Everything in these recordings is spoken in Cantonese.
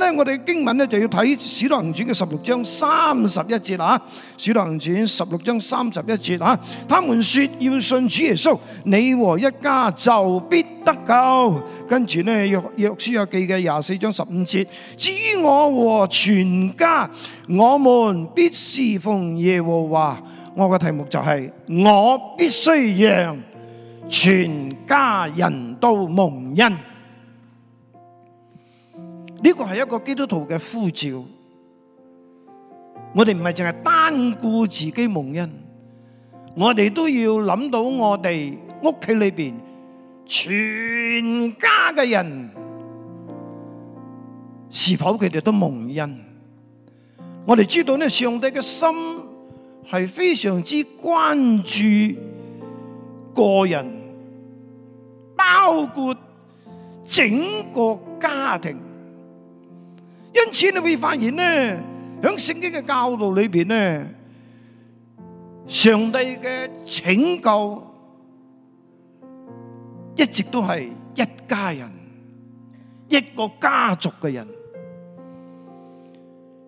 咧，我哋經文咧就要睇《使徒行傳》嘅十六章三十一節啊，《使徒行傳》十六章三十一節啊，他們說要信主耶穌，你和一家就必得救。跟住咧，《約約書亞記》嘅廿四章十五節，至於我和全家，我們必侍奉耶和華。我嘅題目就係我必須讓全家人都蒙恩。呢個係一個基督徒嘅呼召，我哋唔係淨係單顧自己蒙恩，我哋都要諗到我哋屋企裏邊全家嘅人是否佢哋都蒙恩。我哋知道呢，上帝嘅心係非常之關注個人，包括整個家庭。因此你會發現咧，響聖經嘅教導裏邊咧，上帝嘅拯救一直都係一家人，一個家族嘅人，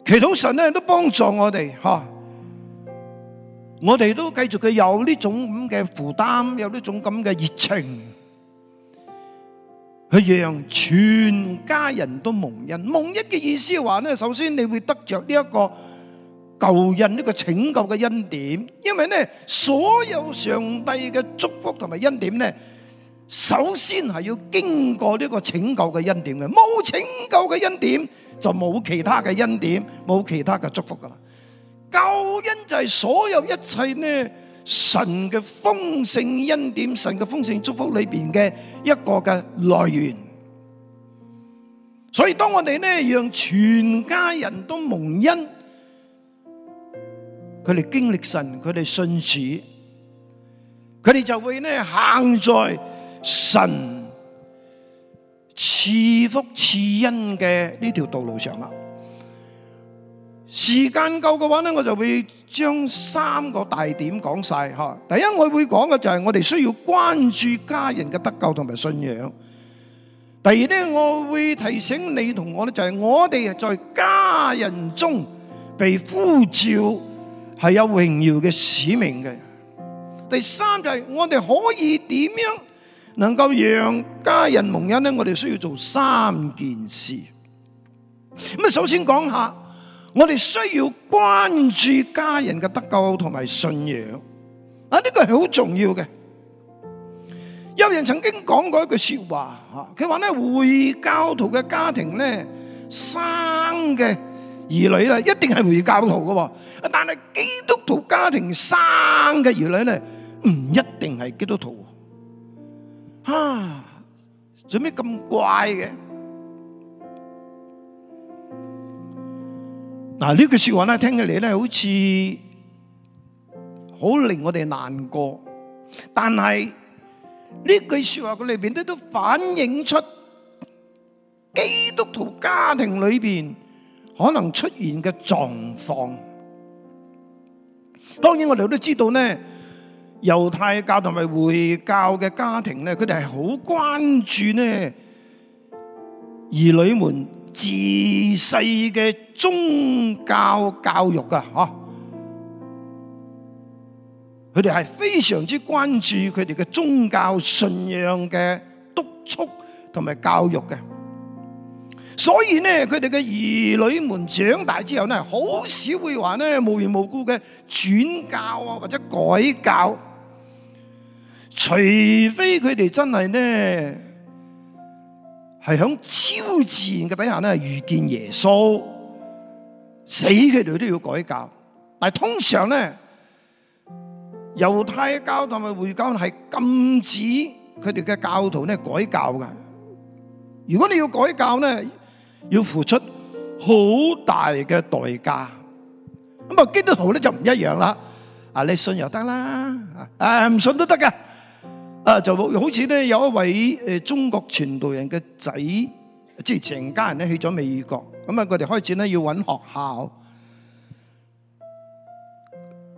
祈禱神咧都幫助我哋，啊，我哋都繼續佢有呢種咁嘅負擔，有呢種咁嘅熱情。佢讓全家人都蒙恩。蒙恩嘅意思話呢，首先你會得着呢一個救恩，呢個拯救嘅恩典，因為呢所有上帝嘅祝福同埋恩典呢，首先係要經過呢個拯救嘅恩典嘅。冇拯救嘅恩典就冇其他嘅恩典，冇其他嘅祝福噶啦。救恩就係所有一切呢，神嘅豐盛恩典，神嘅豐盛祝福裏邊嘅一個嘅來源。所以當我哋呢，讓全家人都蒙恩，佢哋經歷神，佢哋信主，佢哋就會呢行在神賜福賜恩嘅呢條道路上啦。時間夠嘅話咧，我就會將三個大點講晒吓。第一，我會講嘅就係我哋需要關注家人嘅得救同埋信仰。第二咧，我會提醒你同我咧，就係我哋在家人中被呼召係有榮耀嘅使命嘅。第三就係我哋可以點樣能夠讓家人蒙恩呢，我哋需要做三件事。咁啊，首先講下。我哋需要關注家人嘅得救同埋信仰，啊呢個係好重要嘅。有人曾經講過一句說話，吓，佢話咧，回教徒嘅家庭咧，生嘅兒女咧一定係回教徒嘅，但係基督徒家庭生嘅兒女咧唔一定係基督徒，吓，做咩咁怪嘅？嗱呢句說話咧，聽起嚟咧，好似好令我哋難過。但係呢句說話佢裏邊咧，都反映出基督徒家庭裏邊可能出現嘅狀況。當然我哋都知道咧，猶太教同埋回教嘅家庭咧，佢哋係好關注呢兒女們。自細嘅宗教教育噶，吓佢哋係非常之關注佢哋嘅宗教信仰嘅督促同埋教育嘅，所以咧，佢哋嘅兒女們長大之後咧，好少會話咧無緣無故嘅轉教啊或者改教，除非佢哋真係呢。係喺超自然嘅底下咧，遇見耶穌，死佢哋都要改教。但係通常咧，猶太教同埋回教係禁止佢哋嘅教徒咧改教噶。如果你要改教咧，要付出好大嘅代價。咁啊，基督徒咧就唔一樣啦。啊，你信又得啦，啊唔信都得噶。啊，就好似咧有一位誒中國傳道人嘅仔，即係成家人咧去咗美國，咁啊佢哋開始咧要揾學校。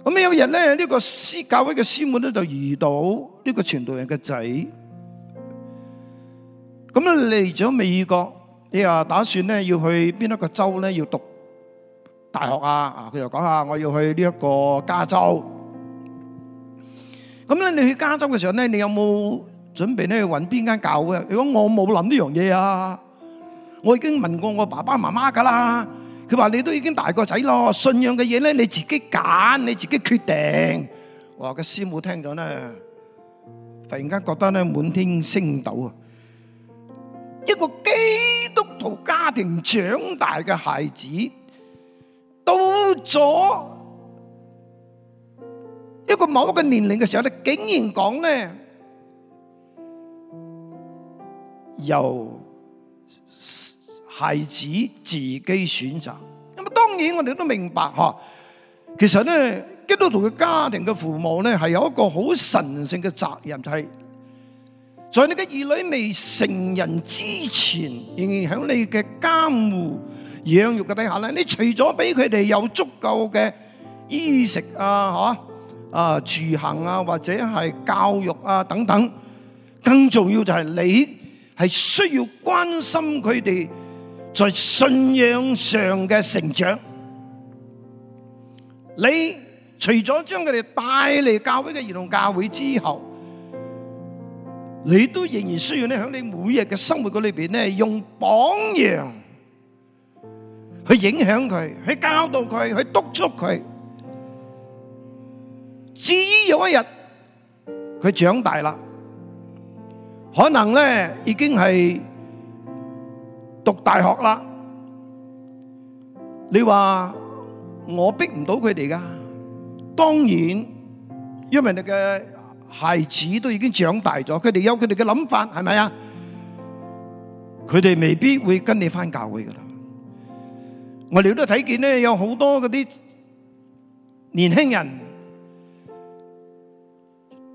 咁有日咧呢個師教會嘅師母咧就遇到呢個傳道人嘅仔，咁咧嚟咗美國，你啊打算咧要去邊一個州咧要讀大學啊？佢就講下：「我要去呢一個加州。咁咧，你去加州嘅時候咧，你有冇準備咧去揾邊間教會？如果我冇諗呢樣嘢啊，我已經問過我爸爸媽媽噶啦。佢話你都已經大個仔咯，信仰嘅嘢咧你自己揀，你自己決定。我話個師母聽咗咧，突然間覺得咧滿天星斗啊！一個基督徒家庭長大嘅孩子到咗，一個某一個年齡嘅時候，你竟然講咧，由孩子自己選擇。咁啊，當然我哋都明白嗬。其實咧，基督徒嘅家庭嘅父母咧，係有一個好神聖嘅責任，就係、是、在你嘅兒女未成人之前，仍然喺你嘅監護、養育嘅底下咧，你除咗俾佢哋有足夠嘅衣食啊，嗬。啊，住行啊，或者係教育啊，等等，更重要就係你係需要關心佢哋在信仰上嘅成長。你除咗將佢哋帶嚟教會嘅兒童教會之後，你都仍然需要咧，喺你每日嘅生活嗰裏邊咧，用榜樣去影響佢，去教導佢，去督促佢。至於有一日佢長大啦，可能咧已經係讀大學啦。你話我逼唔到佢哋㗎？當然，因為你嘅孩子都已經長大咗，佢哋有佢哋嘅諗法，係咪啊？佢哋未必會跟你返教會㗎喇。我哋都睇見咧，有好多嗰啲年輕人。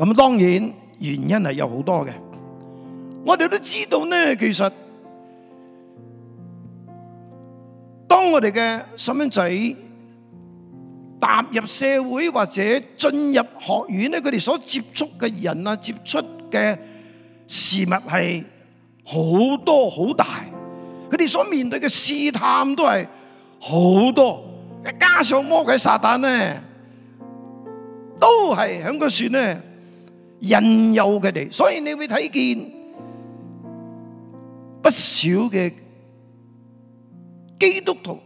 咁當然原因係有好多嘅，我哋都知道咧。其實當我哋嘅細蚊仔踏入社會或者進入學院咧，佢哋所接觸嘅人啊，接觸嘅事物係好多好大，佢哋所面對嘅試探都係好多。加上魔鬼撒旦咧，都係喺個船咧。引誘佢哋，所以你會睇見不少嘅基督徒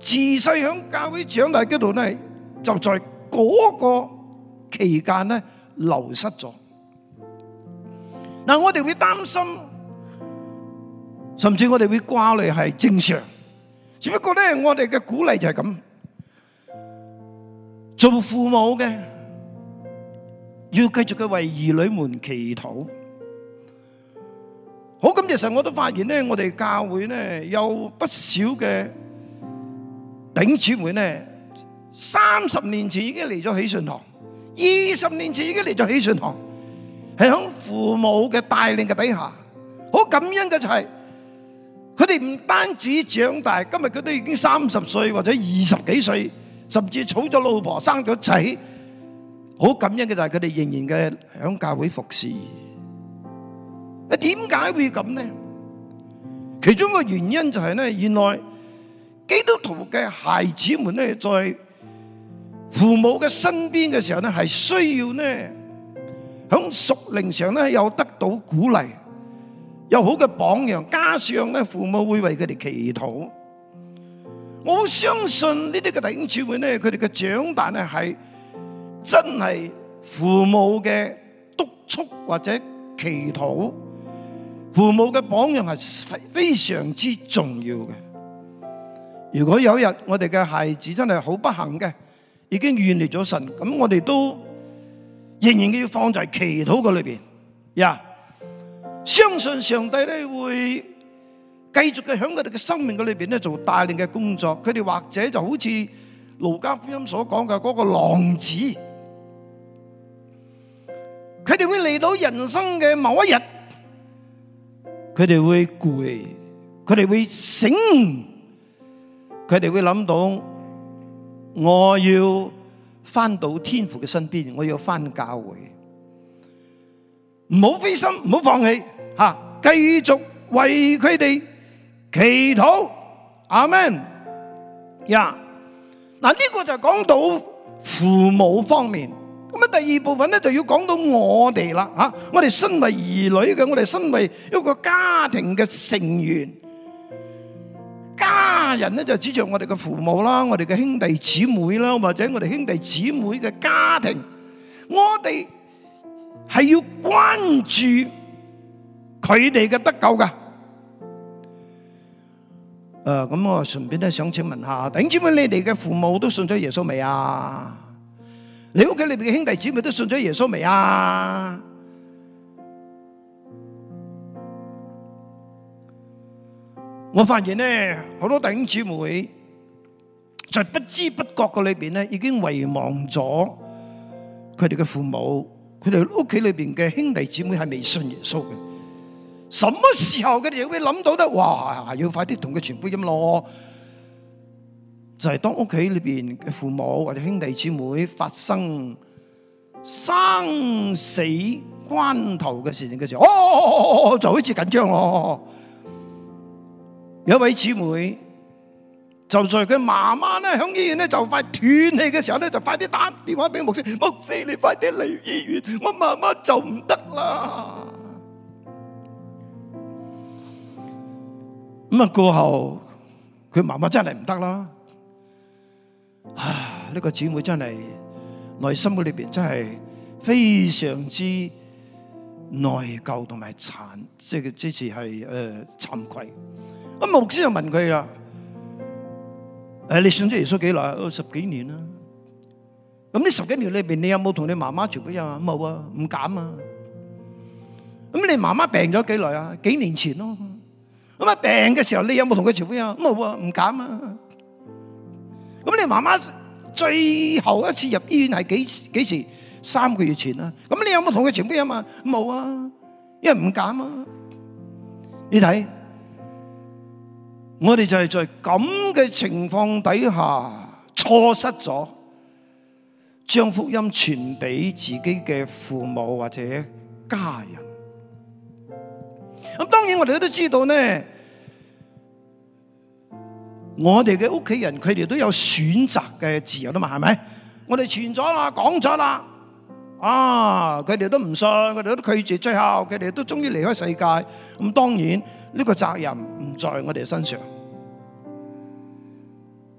自細響教會長大嗰度咧，就在嗰個期間咧流失咗。嗱，我哋會擔心，甚至我哋會掛慮係正常，只不過咧，我哋嘅鼓勵就係咁，做父母嘅。要繼續去為兒女們祈禱。好，咁其實我都發現咧，我哋教會咧有不少嘅頂住會咧，三十年前已經嚟咗喜信堂，二十年前已經嚟咗喜信堂，係響父母嘅帶領嘅底下，好感恩嘅就係佢哋唔單止長大，今日佢都已經三十歲或者二十幾歲，甚至娶咗老婆，生咗仔。好感恩嘅就係佢哋仍然嘅響教會服侍，啊點解會咁呢？其中個原因就係呢，原來基督徒嘅孩子們呢，在父母嘅身邊嘅時候呢，係需要呢響屬靈上呢有得到鼓勵，有好嘅榜樣，加上呢父母會為佢哋祈禱，我相信呢啲嘅弟兄姊妹呢，佢哋嘅長大呢係。真係父母嘅督促或者祈禱，父母嘅榜樣係非常之重要嘅。如果有一日我哋嘅孩子真係好不幸嘅，已經遠離咗神，咁我哋都仍然要放在祈禱嘅裏邊。呀，相信上帝咧會繼續嘅喺我哋嘅生命嘅裏邊咧做帶領嘅工作。佢哋或者就好似路加福音所講嘅嗰個浪子。佢哋會嚟到人生嘅某一日，佢哋會攰，佢哋會醒，佢哋會諗到我要返到天父嘅身邊，我要返教會，唔好灰心，唔好放棄，吓，繼續為佢哋祈禱，阿門。呀，嗱呢個就講到父母方面。咁啊，第二部分咧，就要講到我哋啦，吓，我哋身為兒女嘅，我哋身為一個家庭嘅成員，家人咧，就指著我哋嘅父母啦，我哋嘅兄弟姊妹啦，或者我哋兄弟姊妹嘅家庭，我哋係要關注佢哋嘅得救噶。誒，咁我順便咧，想請問下，弟兄們，你哋嘅父母都信咗耶穌未啊？你屋企裏邊嘅兄弟姊妹都信咗耶穌未啊？我發現咧好多弟兄姊妹在不知不覺嘅裏邊咧，已經遺忘咗佢哋嘅父母，佢哋屋企裏邊嘅兄弟姊妹係未信耶穌嘅。什麼時候佢哋有會諗到咧？哇！要快啲同佢傳福音咯！就係當屋企裏邊嘅父母或者兄弟姊妹發生生死關頭嘅事情嘅時候，哦，就開始緊張咯。有一位姊妹就在佢媽媽咧響醫院咧就快斷氣嘅時候咧，就快啲打電話俾牧師，牧師你快啲嚟醫院，我媽媽就唔得啦。咁啊過後佢媽媽真係唔得啦。啊！呢個姊妹真係內心嘅裏邊真係非常之內疚同埋慘，即係即時係誒慚愧。咁牧師就問佢啦：誒，你信咗耶穌幾耐啊？十幾年啦。咁呢十幾年裏邊，你有冇同你媽媽傳福音啊？冇啊，唔敢啊。咁你媽媽病咗幾耐啊？幾年前咯。咁啊，病嘅時候，你有冇同佢傳福音啊？冇啊，唔敢啊。咁你媽媽最後一次入醫院係幾時？幾時？三個月前啦。咁你有冇同佢傳福音啊？冇啊，因為唔敢啊。你睇，我哋就係在咁嘅情況底下，錯失咗將福音傳俾自己嘅父母或者家人。咁當然我哋都知道呢。我哋嘅屋企人，佢哋都有選擇嘅自由吖嘛，係咪？我哋傳咗啦，講咗啦，啊，佢哋都唔信，佢哋都拒絕，最後佢哋都終於離開世界。咁當然呢個責任唔在我哋身上。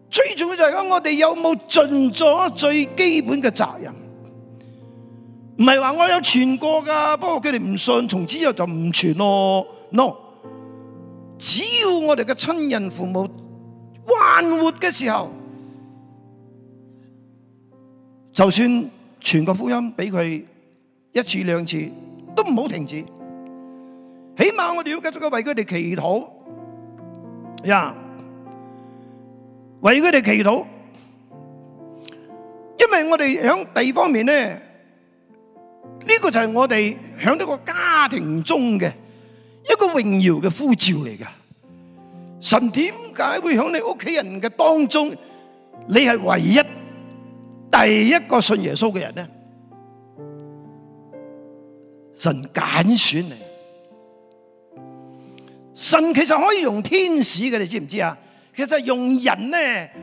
最重要就係講我哋有冇盡咗最基本嘅責任。唔係話我有傳過噶，不過佢哋唔信，從此以後就唔傳咯。no，只要我哋嘅親人父母。還活嘅時候，就算傳個福音俾佢一次兩次，都唔好停止。起碼我哋要繼續去為佢哋祈禱，呀、yeah，為佢哋祈禱。因為我哋響第二方面咧，呢、這個就係我哋響呢個家庭中嘅一個榮耀嘅呼召嚟噶。神點解會喺你屋企人嘅當中，你係唯一第一個信耶穌嘅人呢？神揀選你，神其實可以用天使嘅，你知唔知啊？其實用人呢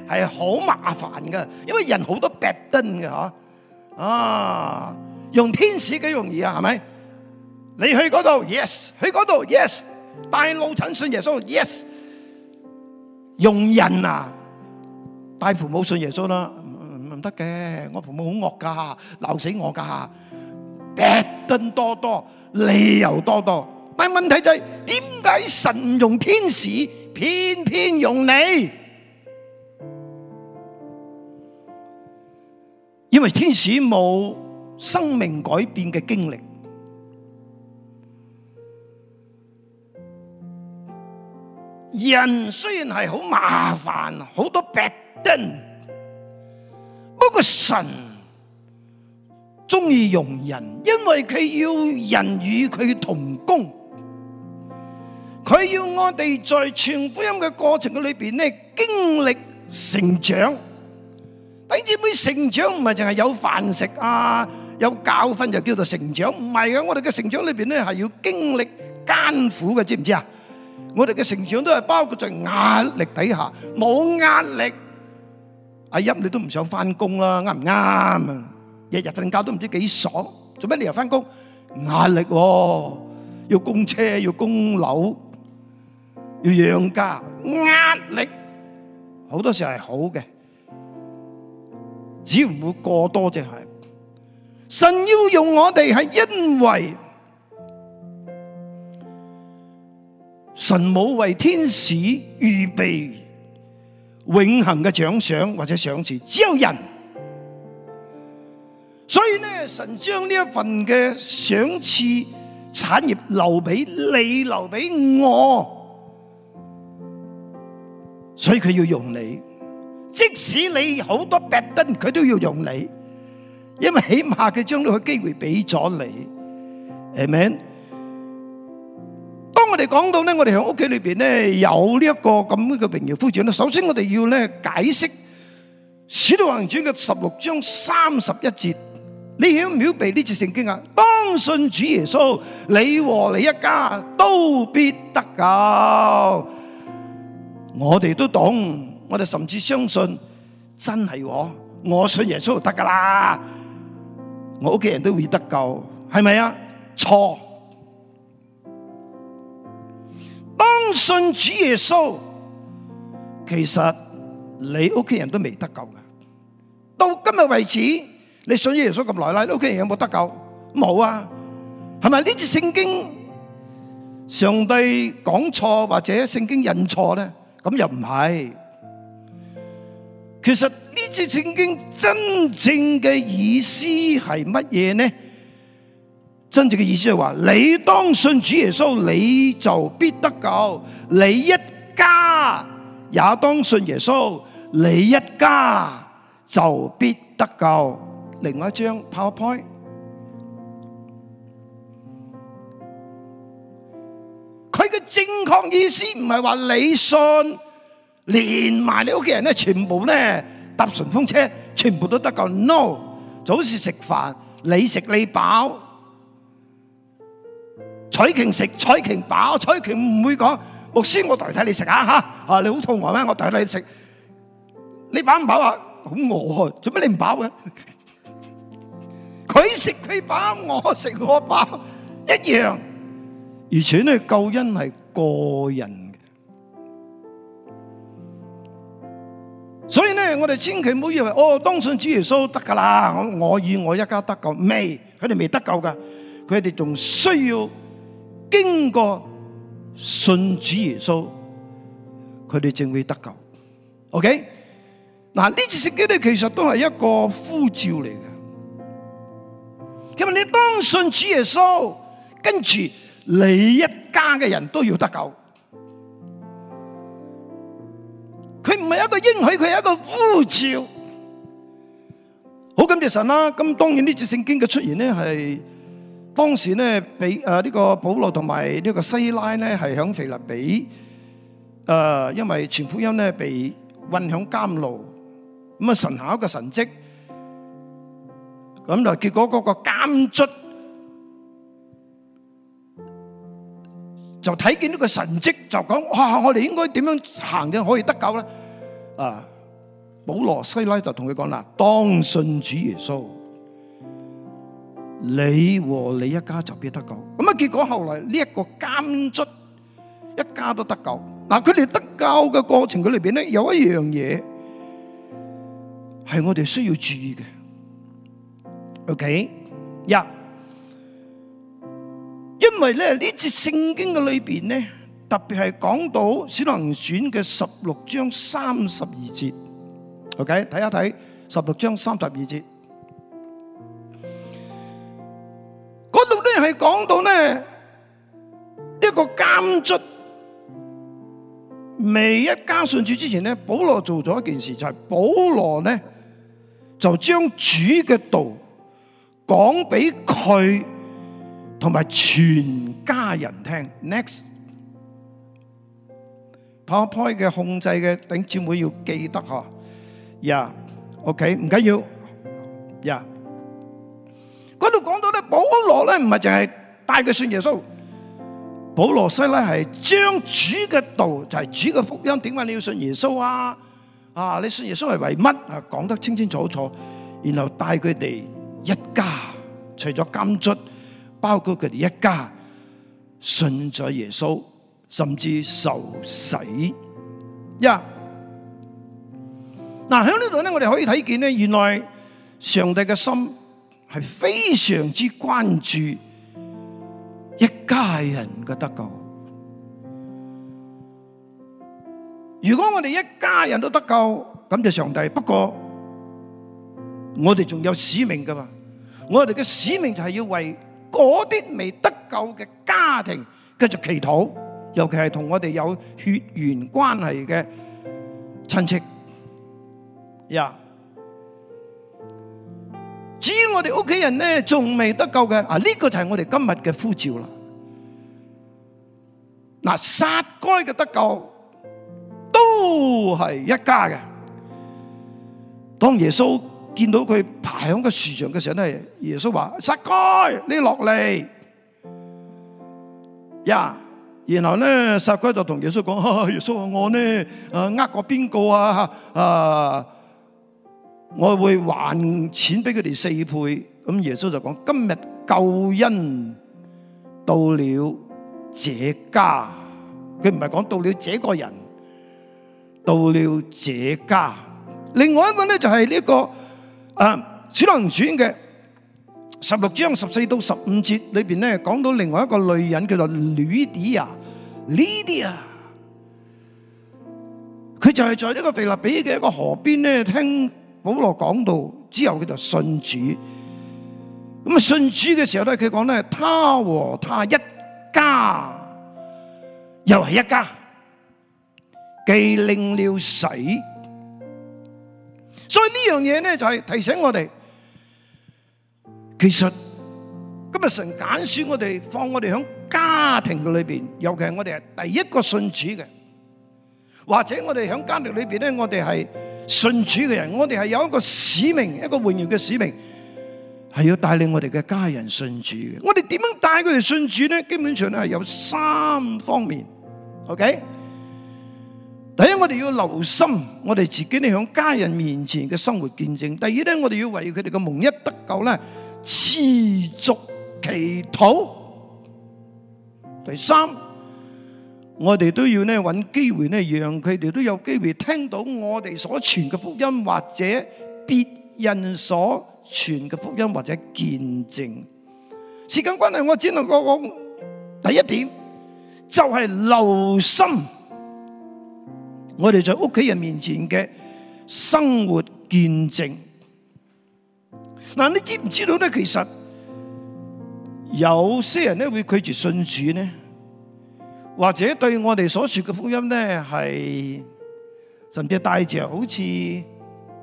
係好麻煩噶，因為人好多 bad 端嘅吓啊，用天使幾容易啊？係咪？你去嗰度，yes；去嗰度，yes；大路診信耶穌，yes。用人啊，帶父母信耶穌啦，唔得嘅，我父母好惡噶吓，鬧死我噶吓，批評多多，理由多多，但係問題就係，點解神唔用天使，偏偏用你？因為天使冇生命改變嘅經歷。人雖然係好麻煩，好多弊端，不過神中意用人，因為佢要人與佢同工，佢要我哋在傳福音嘅過程嘅裏邊咧，經歷成長。弟兄姊妹，成長唔係淨係有飯食啊，有教訓就叫做成長，唔係嘅。我哋嘅成長裏邊咧，係要經歷艱苦嘅，知唔知啊？我哋嘅成長都係包括在壓力底下，冇壓力，阿欣你都唔想翻工啦，啱唔啱啊？日日瞓覺都唔知幾爽，做咩你又翻工？壓力，要供車，要供樓，要養家，壓力，好多時候係好嘅，只要唔會過多就係。神要用我哋係因為。神冇為天使預備永恆嘅獎賞或者賞賜，只有人。所以呢，神將呢一份嘅賞賜產業留俾你，留俾我。所以佢要用你，即使你好多白燈，佢都要用你，因為起碼佢將呢個機會俾咗你。阿門。講到咧，我哋喺屋企裏邊咧有呢一個咁嘅榮耀福音咧。首先我哋要咧解釋《使徒行傳》嘅十六章三十一節，你曉唔曉背呢節聖經啊？當信主耶穌，你和你一家都必得救。我哋都懂，我哋甚至相信真係我，我信耶穌就得噶啦，我屋企人都會得救，係咪啊？錯。當信主耶穌，其實你屋企人都未得救㗎。到今日為止，你信耶穌咁耐啦，你屋企人有冇得救？冇啊，係咪呢節聖經上帝講錯或者聖經印錯咧？咁又唔係。其實呢節聖經真正嘅意思係乜嘢呢？真正嘅意思係話，你當信主耶穌，你就必得救；你一家也當信耶穌，你一家就必得救。另外一張 PowerPoint，佢嘅正確意思唔係話你信，連埋你屋企人咧，全部咧搭順風車，全部都得救。No，就好似食飯，你食你飽。彩瓊食，彩瓊飽，彩瓊唔會講牧師。我代替你食下！吓啊！你好肚餓咩？我代替你食。你飽唔飽啊？好餓我做咩你唔飽嘅？佢食佢飽，我食我飽，一樣。而且呢，救恩係個人嘅，所以呢，我哋千祈唔好以為哦，當信主耶穌得噶啦。我我以我一家得救未？佢哋未得救噶，佢哋仲需要。經過信主耶穌，佢哋正會得救。OK，嗱，呢節聖經咧，其實都係一個呼召嚟嘅。因為你當信主耶穌，跟住你一家嘅人都要得救。佢唔係一個應許，佢係一個呼召。好，咁其實啦！咁當然呢節聖經嘅出現咧係。當時咧，俾誒呢個保羅同埋呢個西拉咧，係響腓立比誒，因為傳福音咧被困響監牢，咁啊神下一個神蹟，咁就結果嗰個監卒就睇見呢個神蹟，就講：哇！我哋應該點樣行嘅可以得救咧？啊！保羅、西拉就同佢講啦：當信主耶穌。你和你一家就必得救。咁啊，結果後來呢一個監卒一家都得救。嗱，佢哋得救嘅過程嘅裏邊咧，有一樣嘢係我哋需要注意嘅。OK，一，因為咧呢節聖經嘅裏邊咧，特別係講到《小林傳》嘅十六章三十二節。OK，睇一睇十六章三十二節。係講到呢一個監卒未一家信主之前呢，保羅做咗一件事，就係保羅呢就將主嘅道講俾佢同埋全家人聽。Next，PowerPoint 嘅控制嘅頂姊妹要記得嗬。呀，OK 唔緊要。呀。嗰度講到咧，保羅咧唔係淨係帶佢信耶穌，保羅西拉係將主嘅道，就係主嘅福音，點解你要信耶穌啊？啊，你信耶穌係為乜啊？講得清清楚楚，然後帶佢哋一家，除咗禁卒，包括佢哋一家信咗耶穌，甚至受死。呀，嗱，喺呢度咧，我哋可以睇見咧，原來上帝嘅心係非常之關注一家人嘅得救。如果我哋一家人都得救，感謝上帝。不過我哋仲有使命㗎嘛。我哋嘅使命就係要為嗰啲未得救嘅家庭繼續祈禱，尤其係同我哋有血緣關係嘅親戚。呀！至於，我哋屋企人咧，仲未得救嘅，啊呢個就係我哋今日嘅呼召啦。嗱，撒該嘅得救都係一家嘅。當耶穌見到佢爬響個樹上嘅時候咧，耶穌話：撒該，你落嚟呀！然後咧，撒該就同耶穌講：耶穌啊，我呢呃呃過邊個啊？啊！我會還錢俾佢哋四倍，咁耶穌就講：今日救恩到了這家，佢唔係講到了這個人，到了這家。另外一個咧就係呢個《啊使徒行傳》嘅十六章十四到十五節裏邊咧，講到另外一個女人叫做呂底亞、利底亞，佢就係在呢個腓立比嘅一個河邊咧聽。保羅講到之後，佢就信主。咁啊，信主嘅時候咧，佢講咧，他和他一家又係一家，既領了死。所以呢樣嘢咧，就係提醒我哋，其實今日神揀選我哋，放我哋喺家庭嘅裏邊，尤其係我哋係第一個信主嘅，或者我哋喺家庭裏邊咧，我哋係。信主嘅人，我哋係有一個使命，一個榮耀嘅使命，係要帶領我哋嘅家人信主。我哋點樣帶佢哋信主咧？基本上係有三方面，OK。第一，我哋要留心我哋自己響家人面前嘅生活見證；第二咧，我哋要為佢哋嘅蒙恩得救咧，持續祈禱；第三。我哋都要咧揾機會咧，讓佢哋都有機會聽到我哋所傳嘅福音，或者別人所傳嘅福音或者見證。時間關係，我只能講第一點，就係留心我哋在屋企人面前嘅生活見證。嗱，你知唔知道咧？其實有些人咧會拒絕信主咧。或者對我哋所説嘅福音呢，係甚至帶著好似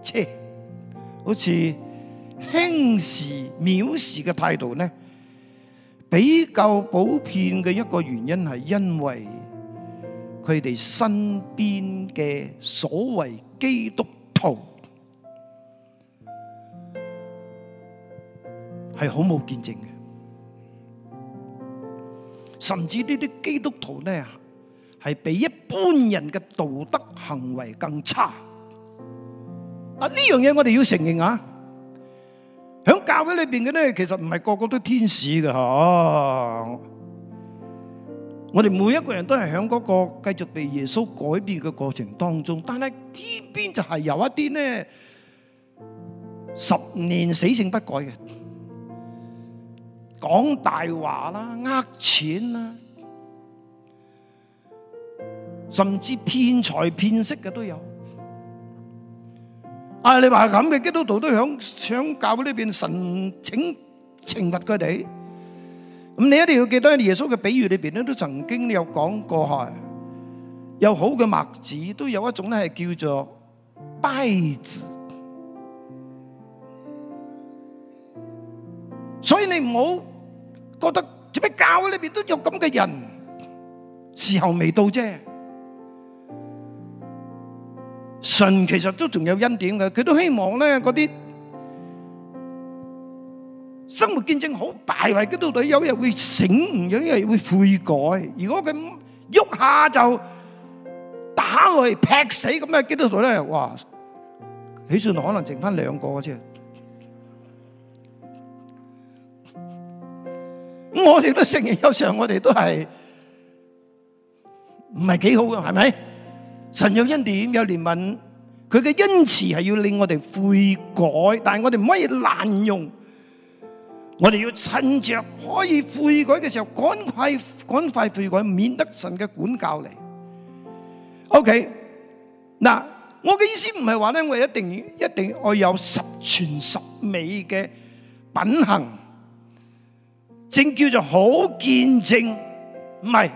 切，好似輕視、藐視嘅態度呢，比較普遍嘅一個原因係因為佢哋身邊嘅所謂基督徒係好冇見證嘅。甚至呢啲基督徒咧，係比一般人嘅道德行為更差。啊，呢樣嘢我哋要承認啊！喺教會裏邊嘅咧，其實唔係個個都天使嘅嚇。我哋每一個人都係喺嗰個繼續被耶穌改變嘅過程當中，但係天邊就係有一啲咧十年死性不改嘅。講大話啦，呃錢啦，甚至騙財騙色嘅都有。啊，你話咁嘅基督徒都響響教呢邊神請懲罰佢哋。咁你一定要記得耶穌嘅比喻裏邊咧，都曾經有講過，係有好嘅麥子，都有一種咧係叫做稗子。所以你唔好。覺得做咩教裏邊都有咁嘅人，時候未到啫。神其實都仲有恩典嘅，佢都希望咧嗰啲生活見證好敗壞基督徒，有日會醒，有日會悔改。如果佢喐下就打落嚟，劈死咁嘅，基督徒咧，哇，佢算可能剩翻兩個嘅啫。我哋都承認，有時候我哋都係唔係幾好嘅，係咪？神有恩典，有憐憫，佢嘅恩慈係要令我哋悔改，但係我哋唔可以濫用。我哋要趁着可以悔改嘅時候，趕快趕快悔改，免得神嘅管教嚟。O.K. 嗱，我嘅意思唔係話咧，我一定一定要有十全十美嘅品行。正叫做好見證，唔係。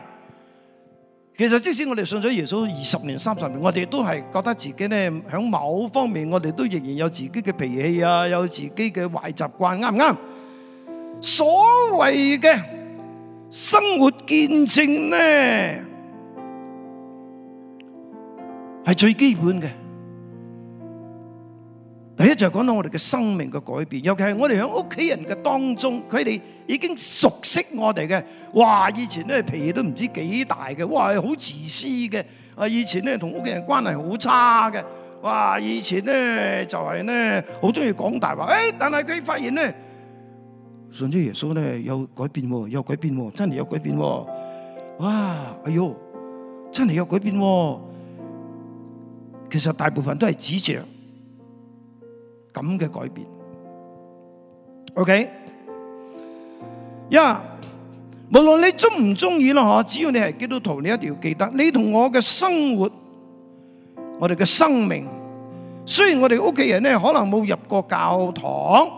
其實即使我哋信咗耶穌二十年、三十年，我哋都係覺得自己咧，響某方面，我哋都仍然有自己嘅脾氣啊，有自己嘅壞習慣。啱唔啱？所謂嘅生活見證咧，係最基本嘅。第一就係講到我哋嘅生命嘅改變，尤其係我哋喺屋企人嘅當中，佢哋已經熟悉我哋嘅。哇，以前咧脾氣都唔知幾大嘅，哇，好自私嘅。啊，以前咧同屋企人關係好差嘅。哇，以前咧就係咧好中意講大話。誒、哎，但係佢發現咧，信主耶穌咧有改變，有改變哦，真係有改變哦，有改變哦。哇，哎喲，真係有改變哦。其實大部分都係指著。咁嘅改變，OK？一、yeah，無論你中唔中意啦，嗬，只要你係基督徒，你一定要記得，你同我嘅生活，我哋嘅生命，雖然我哋屋企人咧可能冇入過教堂，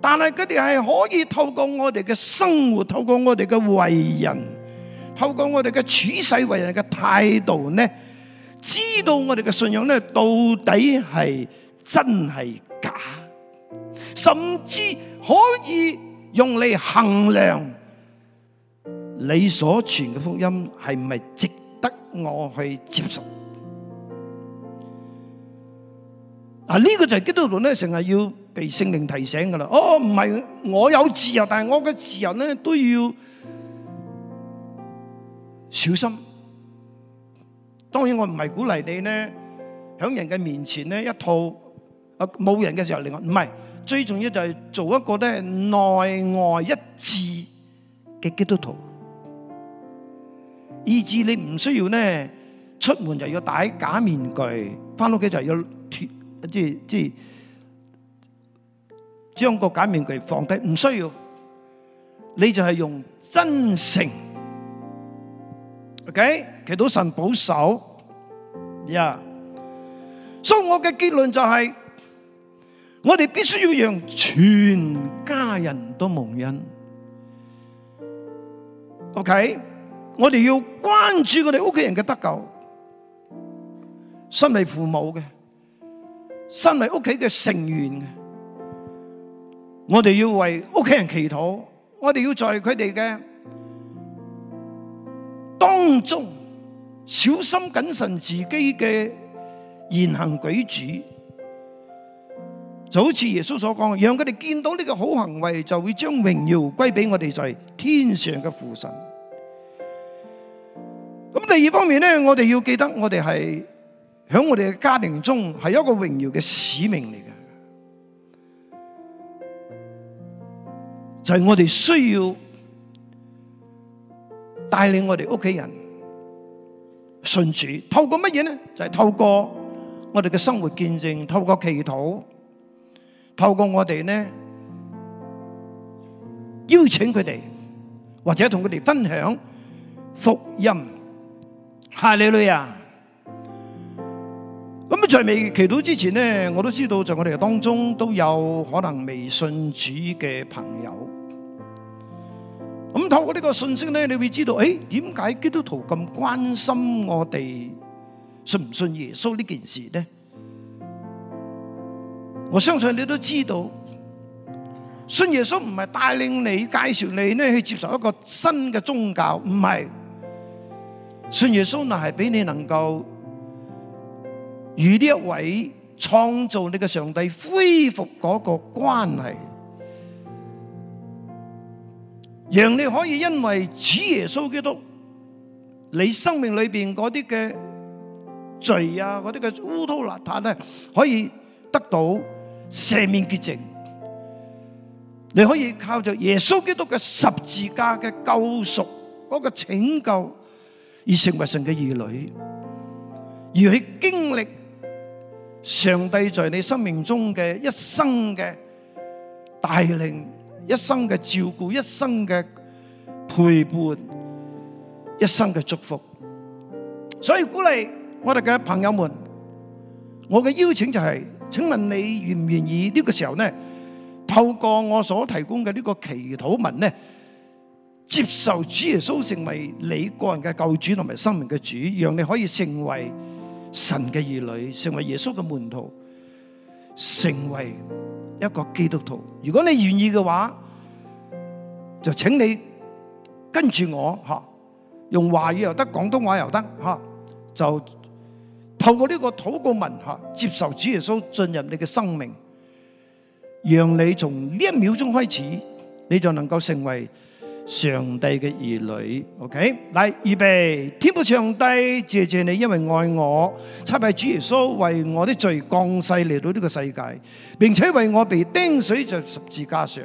但係佢哋係可以透過我哋嘅生活，透過我哋嘅為人，透過我哋嘅處世為人嘅態度咧，知道我哋嘅信仰咧到底係真係假，甚至可以用嚟衡量你所傳嘅福音係唔係值得我去接受？嗱，呢個就係基督徒，咧，成日要被聖靈提醒噶啦。哦，唔係我有自由，但係我嘅自由咧都要小心。當然，我唔係鼓勵你咧，喺人嘅面前呢一套。冇人嘅時候，另外唔係最重要就係做一個咧內外一致嘅基督徒，以致你唔需要咧出門就要戴假面具，翻屋企就要脫，即係即係將個假面具放低，唔需要，你就係用真誠，OK，祈禱神保守，呀，所以我嘅結論就係。我哋必須要讓全家人都蒙恩。OK，我哋要關注我哋屋企人嘅得救，身為父母嘅，身為屋企嘅成員嘅，我哋要為屋企人祈禱，我哋要在佢哋嘅當中小心謹慎自己嘅言行舉止。就好似耶穌所講，讓佢哋見到呢個好行為，就會將榮耀歸俾我哋，就係天上嘅父神。咁第二方面咧，我哋要記得，我哋係響我哋嘅家庭中係一個榮耀嘅使命嚟嘅，就係我哋需要帶領我哋屋企人信主，透過乜嘢咧？就係透過我哋嘅生活見證，透過祈禱。透過我哋呢，邀請佢哋或者同佢哋分享福音，吓你女啊！咁啊，在未祈禱之前呢，我都知道在我哋當中都有可能未信主嘅朋友。咁透過呢個信息呢，你會知道，誒，點解基督徒咁關心我哋信唔信耶穌呢件事呢？我相信你都知道，信耶穌唔係帶領你、介紹你去接受一個新嘅宗教，唔係信耶穌，係俾你能夠與呢一位創造你嘅上帝恢復嗰個關係，讓你可以因為主耶穌基督，你生命裏邊嗰啲嘅罪啊，嗰啲嘅污糟邋遢咧，可以得到。赦免潔淨，你可以靠着耶穌基督嘅十字架嘅救贖，嗰個拯救而成為神嘅兒女，而去經歷上帝在你生命中嘅一生嘅帶領，一生嘅照顧，一生嘅陪伴，一生嘅祝福。所以鼓勵我哋嘅朋友們，我嘅邀請就係。請問你願唔願意呢個時候呢？透過我所提供嘅呢個祈禱文呢，接受主耶穌成為你個人嘅救主同埋生命嘅主，讓你可以成為神嘅兒女，成為耶穌嘅門徒，成為一個基督徒。如果你願意嘅話，就請你跟住我吓，用華語又得，廣東話又得吓，就，透過呢個禱告、文學，接受主耶穌進入你嘅生命，讓你從呢一秒鐘開始，你就能夠成為上帝嘅兒女。OK，嚟預備。天父上帝，謝謝你，因為愛我，差派主耶穌為我的罪降世嚟到呢個世界，並且為我被釘死在十字架上，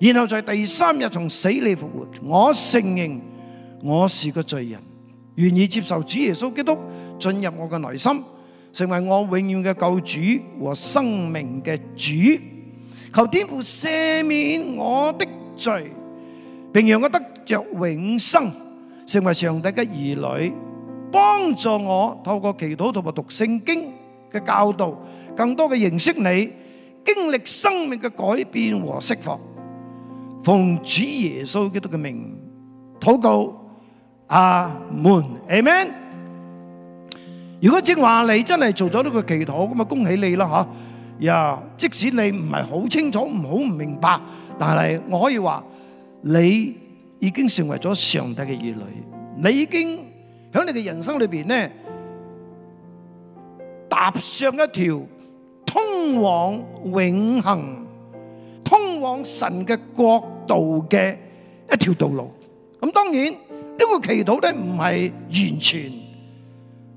然後在第三日從死裏復活。我承認我是個罪人。願意接受主耶穌基督進入我嘅內心，成為我永遠嘅救主和生命嘅主。求天父赦免我的罪，並讓我得着永生，成為上帝嘅兒女。幫助我透過祈禱同埋讀聖經嘅教導，更多嘅認識你，經歷生命嘅改變和釋放。奉主耶穌基督嘅名，禱告。阿門，Amen。如果正話你真係做咗呢個祈禱，咁啊恭喜你啦，吓。呀，即使你唔係好清楚，唔好唔明白，但係我可以話，你已經成為咗上帝嘅兒女，你已經喺你嘅人生裏邊咧，踏上一條通往永恆、通往神嘅國度嘅一條道路。咁當然。呢個祈禱咧唔係完全，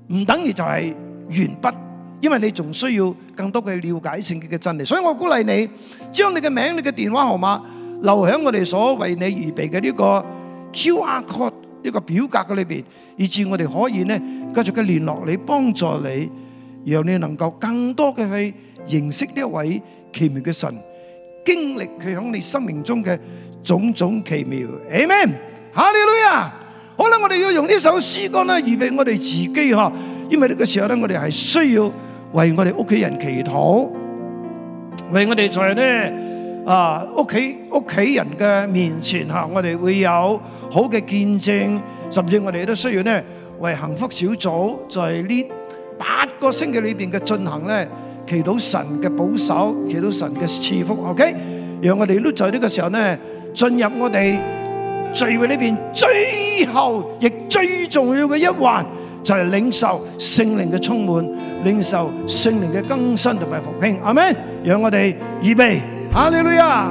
唔等於就係完畢，因為你仲需要更多嘅了解聖經嘅真理。所以我鼓勵你，將你嘅名、你嘅電話號碼留喺我哋所為你預備嘅呢個 QR Code 呢個表格嘅裏邊，以致我哋可以呢繼續嘅聯絡你，幫助你，讓你能夠更多嘅去認識呢一位奇妙嘅神，經歷佢響你生命中嘅種種奇妙。Amen，哈利路亞。好啦，我哋要用呢首詩歌咧，預備我哋自己吓，因為呢個時候咧，我哋係需要為我哋屋企人祈禱，為我哋在咧啊屋企屋企人嘅面前吓，我哋會有好嘅見證，甚至我哋都需要咧為幸福小組在呢八個星期裏邊嘅進行咧，祈禱神嘅保守，祈禱神嘅賜福。OK，讓我哋都在呢個時候咧，進入我哋聚會裏邊最後亦最重要嘅一環，就係領受聖靈嘅充滿，領受聖靈嘅更新同埋復興，阿們，讓我哋預備，哈利路亞。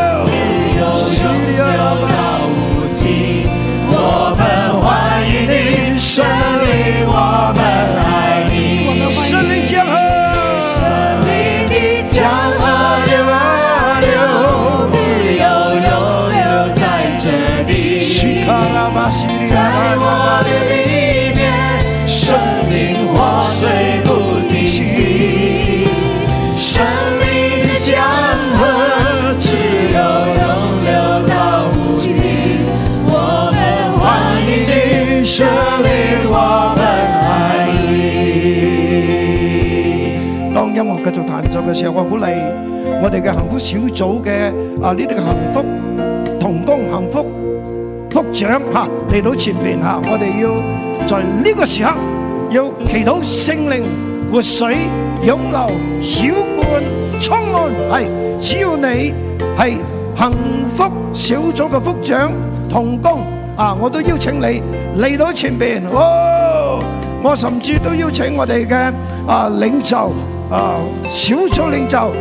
嘅時候，我鼓勵我哋嘅幸福小組嘅啊呢啲嘅幸福同工幸福福長吓嚟到前邊吓，我哋要在呢個時刻要祈禱聖靈活水湧流、澆灌、沖滿。係只要你係幸福小組嘅福長同工啊，我都邀請你嚟到前邊。我甚至都邀請我哋嘅啊領袖。啊！Oh, 小組領袖，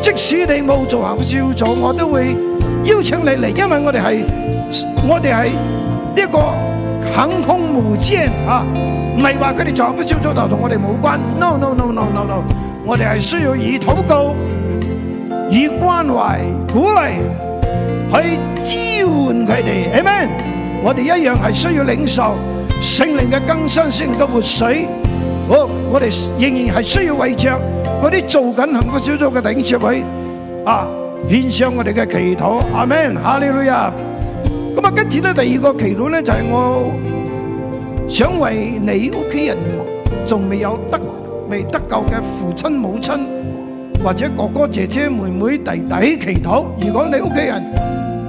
即使你冇做行小組，我都會邀請你嚟，因為我哋係我哋係呢個航空母艦啊，唔係話佢哋做唔做小組就同我哋冇關。No no no no no no，, no. 我哋係需要以禱告、以關懷、鼓勵去支援佢哋。Amen，我哋一樣係需要領受聖靈嘅更新，聖靈嘅活水。好，我哋仍然係需要為着嗰啲做緊幸福小組嘅頂席位啊，獻上我哋嘅祈禱。阿門，哈利路亞。咁啊，跟住咧第二個祈禱咧就係我想為你屋企人仲未有得未得救嘅父親母親或者哥哥姐姐妹妹弟弟祈禱。如果你屋企人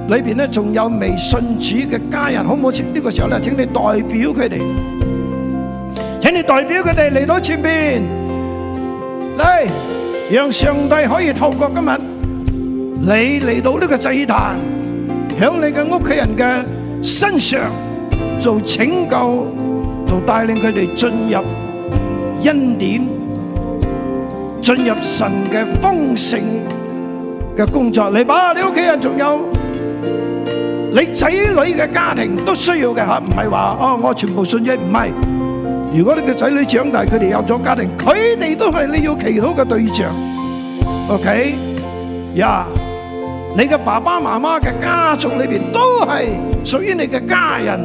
裏邊咧仲有未信主嘅家人，好唔好？請呢個時候咧，請你代表佢哋。請你代表佢哋嚟到前面，嚟，讓上帝可以透過今日，你嚟到呢個祭壇，喺你嘅屋企人嘅身上做拯救，做帶領佢哋進入恩典，進入神嘅豐盛嘅工作嚟吧。你屋企人仲有，你仔女嘅家庭都需要嘅吓，唔係話哦，我全部信耶穌，唔係。如果你嘅仔女長大，佢哋有咗家庭，佢哋都係你要祈禱嘅對象，OK？呀，你嘅爸爸媽媽嘅家族裏邊都係屬於你嘅家人，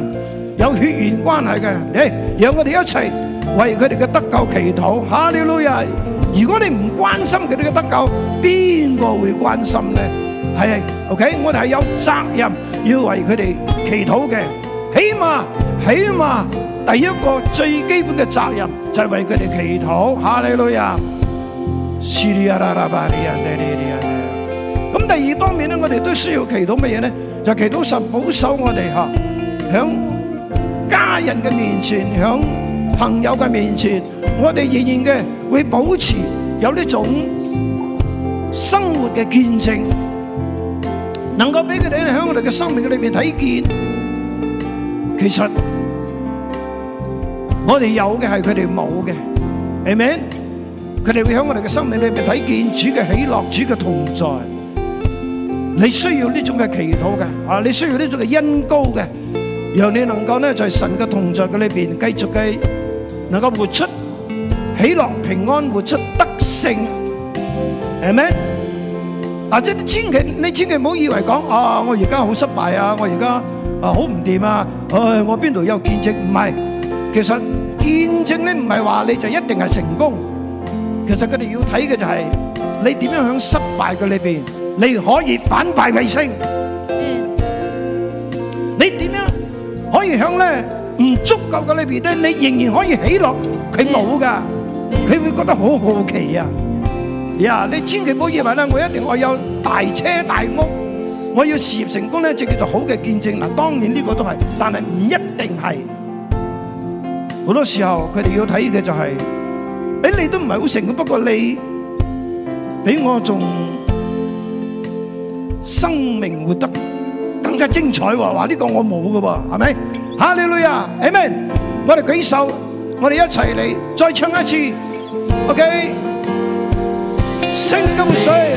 有血緣關係嘅。誒，讓我哋一齊為佢哋嘅得救祈禱吓！哈利路亞，如果你唔關心佢哋嘅得救，邊個會關心呢？係，OK？我哋係有責任要為佢哋祈禱嘅，起碼。起碼第一個最基本嘅責任就係為佢哋祈禱，哈利路亞！咁第二方面咧，我哋都需要祈禱乜嘢咧？就祈禱神保守我哋嚇，喺家人嘅面前，喺朋友嘅面前，我哋仍然嘅會保持有呢種生活嘅見證，能夠俾佢哋喺我哋嘅生命嘅裏面睇見，其實。我哋有嘅係佢哋冇嘅 Amen。佢哋會喺我哋嘅生命裏邊睇見主嘅喜樂，主嘅同在。你需要呢種嘅祈禱嘅，啊，你需要呢種嘅恩膏嘅，然後你能夠呢在神嘅同在嘅裏邊繼續嘅能夠活出喜樂、平安、活出得勝，Amen。啊，即係你千祈你千祈唔好以為講啊，我而家好失敗啊，我而家啊好唔掂啊，唉，我邊度有見證？唔係。其實見證咧唔係話你就一定係成功，其實佢哋要睇嘅就係你點樣響失敗嘅裏邊，你可以反敗為勝。嗯，你點樣可以響咧唔足夠嘅裏邊咧，你仍然可以起落，佢冇噶，佢會覺得好好奇啊！呀，你千祈唔好以為咧，我一定我有大車大屋，我要事業成功咧，就叫做好嘅見證。嗱，當然呢個都係，但係唔一定係。好多時候佢哋要睇嘅就係，誒，你都唔係好成功，不過你比我仲，生命活得更加精彩喎！話，呢個我冇嘅喎，係咪？哈利路亞，amen！我哋舉手，我哋一齊嚟，再唱一次，ok？星金水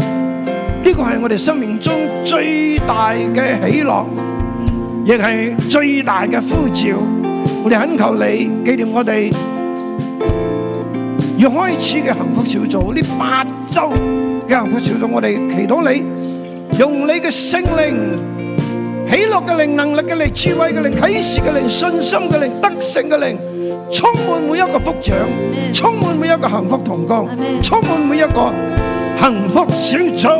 呢個係我哋生命中最大嘅喜樂，亦係最大嘅呼召。我哋懇求你，紀念我哋，要開始嘅幸福小組，呢八周嘅幸福小組，我哋祈禱你，用你嘅聖靈、喜樂嘅靈、能力嘅靈、智慧嘅靈、啟示嘅靈、信心嘅靈、得勝嘅靈，充滿每一個福長，充滿每一個幸福同工，充滿每一個。幸福小組，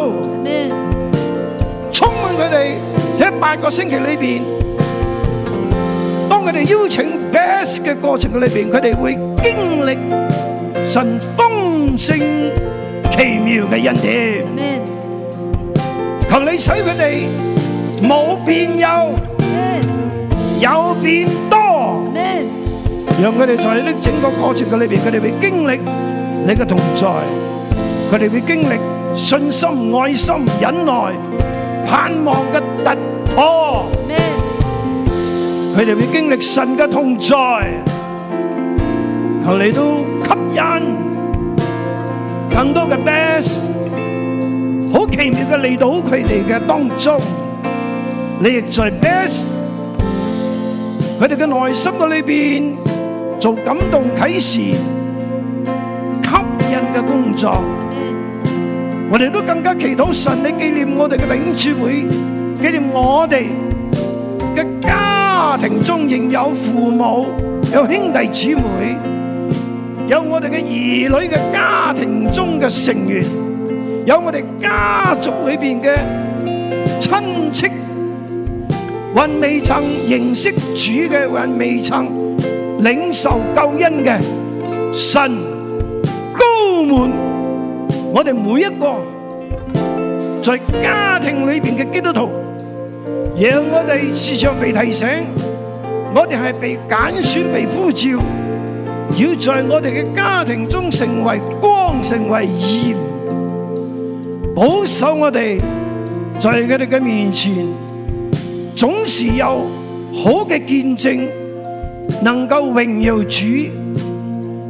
充滿佢哋喺八個星期裏邊，當佢哋邀請 best 嘅過程嘅裏邊，佢哋會經歷神豐盛奇妙嘅恩典。求你使佢哋冇變有，有變多，讓佢哋在呢整個過程嘅裏邊，佢哋會經歷你嘅同在。佢哋會經歷信心、愛心、忍耐、盼望嘅突破。佢哋會經歷神嘅同在。求你都吸引更多嘅 best，好奇妙嘅嚟到佢哋嘅當中，你亦在 best 佢哋嘅內心嘅裏邊做感動啟示、吸引嘅工作。我哋都更加祈禱神，你紀念我哋嘅弟兄姊妹，紀念我哋嘅家庭中仍有父母、有兄弟姊妹、有我哋嘅兒女嘅家庭中嘅成員，有我哋家族裏邊嘅親戚，還未曾認識主嘅，還未曾領受救恩嘅，神高門。我哋每一個在家庭裏面嘅基督徒，讓我哋時常被提醒，我哋係被揀選、被呼召，要在我哋嘅家庭中成為光、成為鹽，保守我哋在佢哋嘅面前，總是有好嘅見證，能夠榮耀主。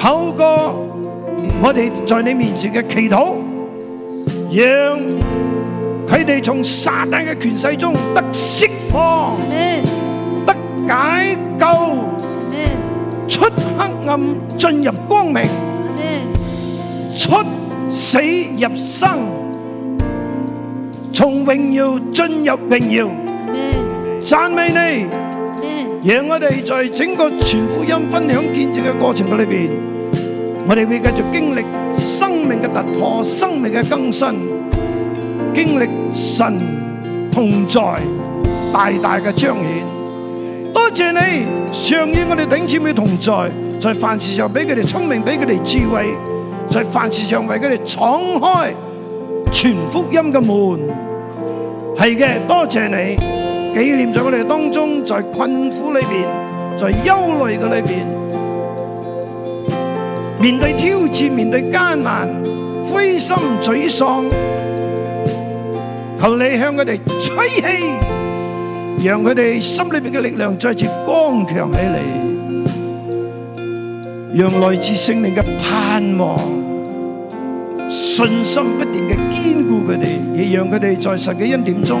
透過我哋在你面前嘅祈禱，讓佢哋從撒旦嘅權勢中得釋放，得解救，出黑暗進入光明，出死入生，從榮耀進入榮耀。讚美你！讓我哋在整個全福音分享建設嘅過程嘅裏邊，我哋會繼續經歷生命嘅突破、生命嘅更新，經歷神同在大大嘅彰顯。多謝你，上恩，我哋頂尖嘅同在，在凡事上俾佢哋聰明，俾佢哋智慧，在凡事上為佢哋敞開全福音嘅門。係嘅，多謝你。紀念在我哋當中，在困苦裏邊，在憂慮嘅裏邊，面對挑戰，面對艱難，灰心沮喪，求你向佢哋吹氣，讓佢哋心裏邊嘅力量再次剛強起嚟，讓來自聖靈嘅盼望、信心不斷嘅堅固佢哋，亦讓佢哋在神嘅恩典中。